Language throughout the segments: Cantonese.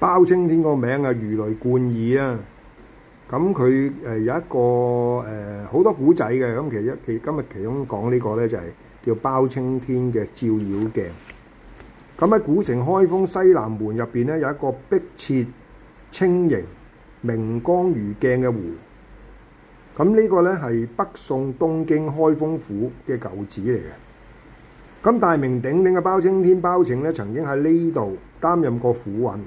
包青天個名啊，如雷貫耳啊！咁佢誒有一個誒好多古仔嘅咁，其實其今日其中講呢個咧就係叫包青天嘅照妖鏡。咁喺古城開封西南門入邊咧有一個碧澈清瑩、明光如鏡嘅湖。咁呢個咧係北宋東京開封府嘅舊址嚟嘅。咁大名鼎鼎嘅包青天包拯咧曾經喺呢度擔任過府尹。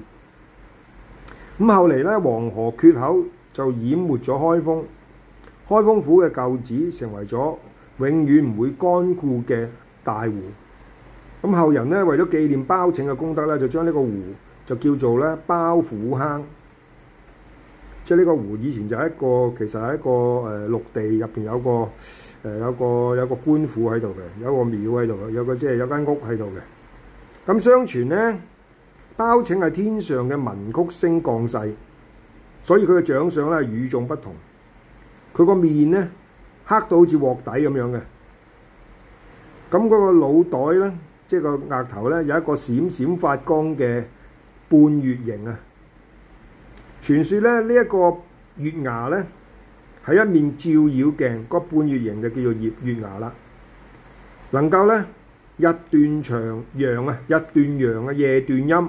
咁後嚟咧，黃河缺口就淹沒咗開封，開封府嘅舊址成為咗永遠唔會乾枯嘅大湖。咁後人咧，為咗紀念包拯嘅功德咧，就將呢個湖就叫做咧包府坑。即係呢個湖以前就係一個，其實係一個誒陸地入邊有個誒有個有個官府喺度嘅，有個廟喺度嘅，有個即係有間屋喺度嘅。咁相傳咧。包拯係天上嘅文曲星降世，所以佢嘅長相咧係與眾不同。佢個面咧黑到好似鑊底咁樣嘅，咁、那、嗰個腦袋咧，即係個額頭咧有一個閃閃發光嘅半月形啊。傳説咧呢一、這個月牙咧係一面照妖鏡，那個半月形就叫做月月牙啦，能夠咧日斷長陽啊，日斷陽啊，夜斷陰。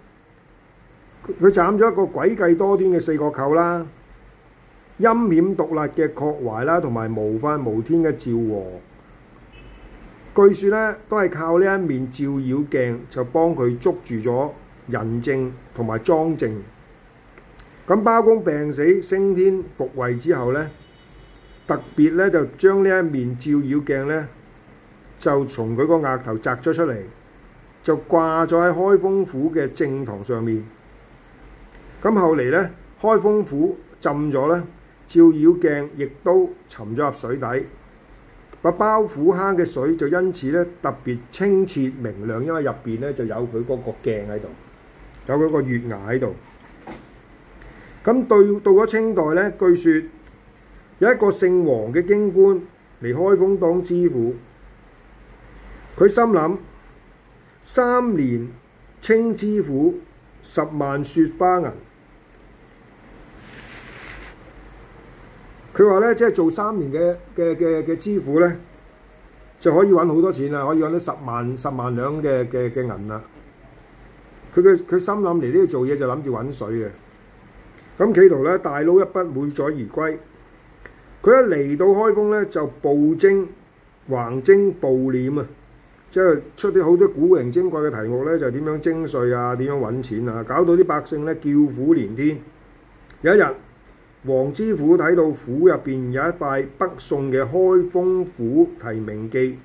佢斬咗一個詭計多端嘅四國舅啦，陰險毒辣嘅郭槐啦，同埋無法無天嘅趙和。據說咧，都係靠呢一面照妖鏡就幫佢捉住咗人證同埋莊正。咁包公病死升天復位之後咧，特別咧就將呢一面照妖鏡咧，就從佢個額頭摘咗出嚟，就掛咗喺開封府嘅正堂上面。咁後嚟咧，開封府浸咗咧，照妖鏡亦都沉咗入水底，把包虎坑嘅水就因此咧特別清澈明亮，因為入邊咧就有佢嗰個鏡喺度，有佢個月牙喺度。咁到到咗清代咧，據說有一個姓黃嘅京官嚟開封當知府，佢心諗三年清知府，十萬雪花銀。佢話咧，即係做三年嘅嘅嘅嘅支付咧，就可以揾好多錢啦，可以揾到十萬十萬兩嘅嘅嘅銀啦。佢嘅佢心諗嚟呢度做嘢就諗住揾水嘅，咁企圖咧大撈一筆滿載而歸。佢一嚟到開封咧，就暴徵橫徵暴斂啊，即係出啲好多古靈精怪嘅題目咧，就點樣徵稅啊，點樣揾錢啊，搞到啲百姓咧叫苦連天。有一日，王知府睇到府入邊有一塊北宋嘅開封府題名記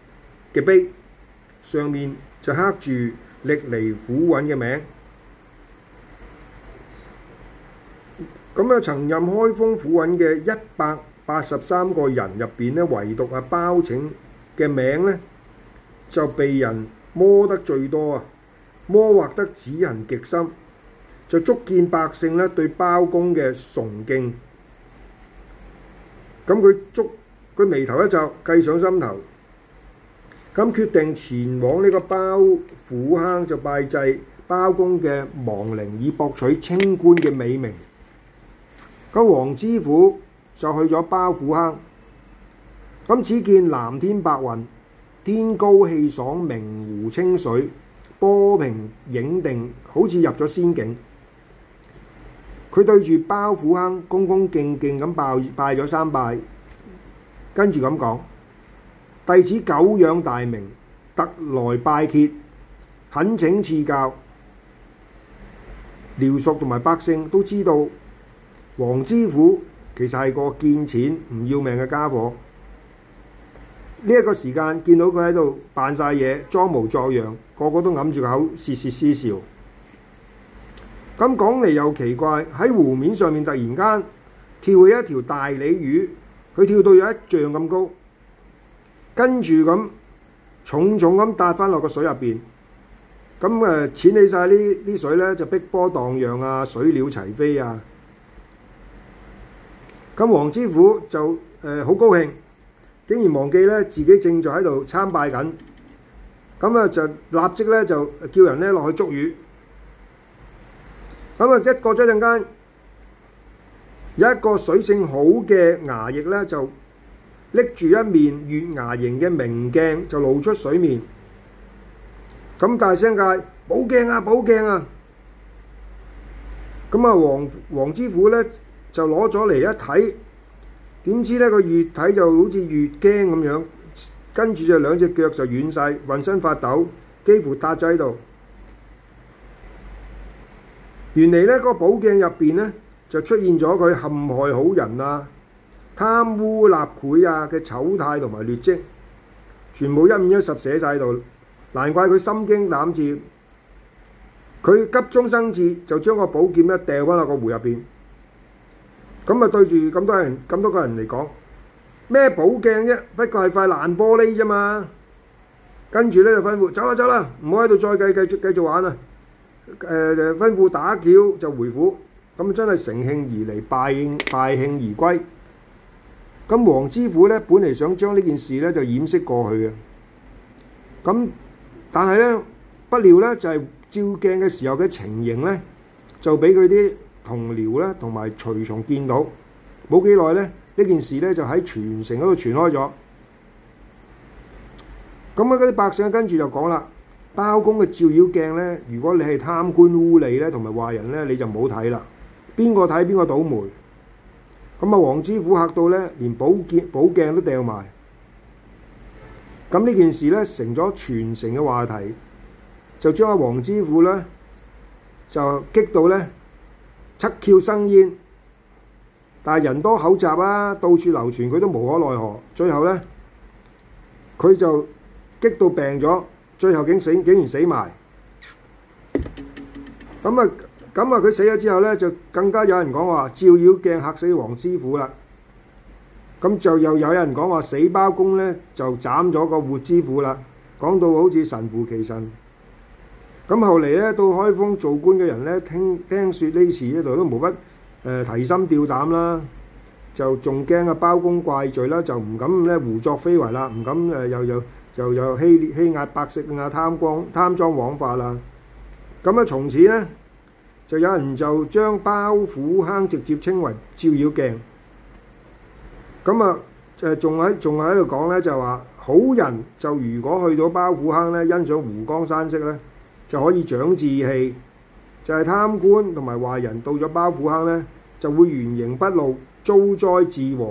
嘅碑，上面就刻住歷嚟府尹嘅名。咁啊，曾任開封府尹嘅一百八十三個人入邊咧，唯獨阿包拯嘅名呢就被人摸得最多啊！摸畫得指痕極深，就足見百姓咧對包公嘅崇敬。咁佢捉佢，眉頭一皺，計上心頭，咁決定前往呢個包虎坑就拜祭包公嘅亡靈，以博取清官嘅美名。咁黃知府就去咗包虎坑，咁只見藍天白雲，天高氣爽，明湖清水，波平影定，好似入咗仙境。佢對住包虎坑，恭恭敬敬咁拜拜咗三拜，跟住咁講，弟子久仰大名，特來拜揭，懇請賜教。廖叔同埋百姓都知道，黃知府其實係個見錢唔要命嘅家伙。呢、這、一個時間見到佢喺度扮晒嘢，裝模作樣，個個都揞住口，竊竊私笑。咁講嚟又奇怪，喺湖面上面突然間跳起一條大鯉魚，佢跳到有一丈咁高，跟住咁重重咁撻翻落個水入邊，咁誒濺起晒呢啲水咧，就碧波盪漾啊，水鳥齊飛啊。咁黃知府就誒好、呃、高興，竟然忘記咧自己正在喺度參拜緊，咁啊就立即咧就叫人咧落去捉魚。咁啊！一過咗陣間，有一個水性好嘅衙役咧，就拎住一面月牙形嘅明鏡就露出水面，咁大聲嗌：寶鏡、啊、寶鏡啊，寶鏡啊！咁啊，黃黃知府咧就攞咗嚟一睇，點知咧佢越睇就好似越驚咁樣，跟住就兩隻腳就軟晒，渾身發抖，幾乎搭咗喺度。原嚟咧，嗰個寶鏡入邊咧就出現咗佢陷害好人啊、貪污納賄啊嘅醜態同埋劣跡，全部一五一十寫曬喺度。難怪佢心驚膽戰，佢急中生智就將個寶劍一掟翻落個湖入邊。咁啊，對住咁多人、咁多個人嚟講，咩寶鏡啫？不過係塊爛玻璃咋嘛。跟住咧就吩咐：走啦，走啦，唔好喺度再繼，繼續繼續玩啦！誒、呃、吩咐打轎就回府，咁真係乘興而嚟，敗、敗興而歸。咁黃知府咧，本嚟想將呢件事咧就掩飾過去嘅。咁但係咧，不料咧就係、是、照鏡嘅時候嘅情形咧，就俾佢啲同僚咧同埋隨從見到。冇幾耐咧，呢件事咧就喺全城嗰度傳開咗。咁啊，啲百姓跟住就講啦。包公嘅照妖鏡咧，如果你係貪官污吏咧，同埋壞人咧，你就唔好睇啦。邊個睇邊個倒霉。咁啊，黃知府嚇到咧，連寶劍、寶鏡都掉埋。咁呢件事咧，成咗全城嘅話題，就將阿黃知府咧，就激到咧七竅生煙。但係人多口雜啊，到處流傳，佢都無可奈何。最後咧，佢就激到病咗。最後竟死，竟然死埋。咁啊，咁啊，佢死咗之後咧，就更加有人講話照妖鏡嚇死王知府啦。咁就又有人講話死包公咧，就斬咗個活知府啦。講到好似神乎其神。咁後嚟咧，到開封做官嘅人咧，聽聽説呢事呢度都冇乜誒，提心吊膽啦。就仲驚啊包公怪罪啦，就唔敢咧胡作非為啦，唔敢誒又又。就有欺欺壓百姓啊，貪官、貪贓枉法啦。咁啊，從此咧就有人就將包虎坑直接稱為照妖鏡。咁啊，誒仲喺仲喺度講咧，就話好人就如果去咗包虎坑咧，欣賞湖光山色咧，就可以長志氣；就係、是、貪官同埋壞人到咗包虎坑咧，就會原形不露，遭災致禍。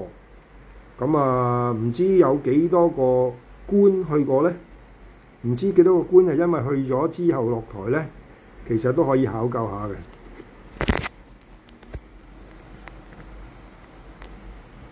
咁啊，唔知有幾多個？官去過咧，唔知幾多個官係因為去咗之後落台咧，其實都可以考究下嘅。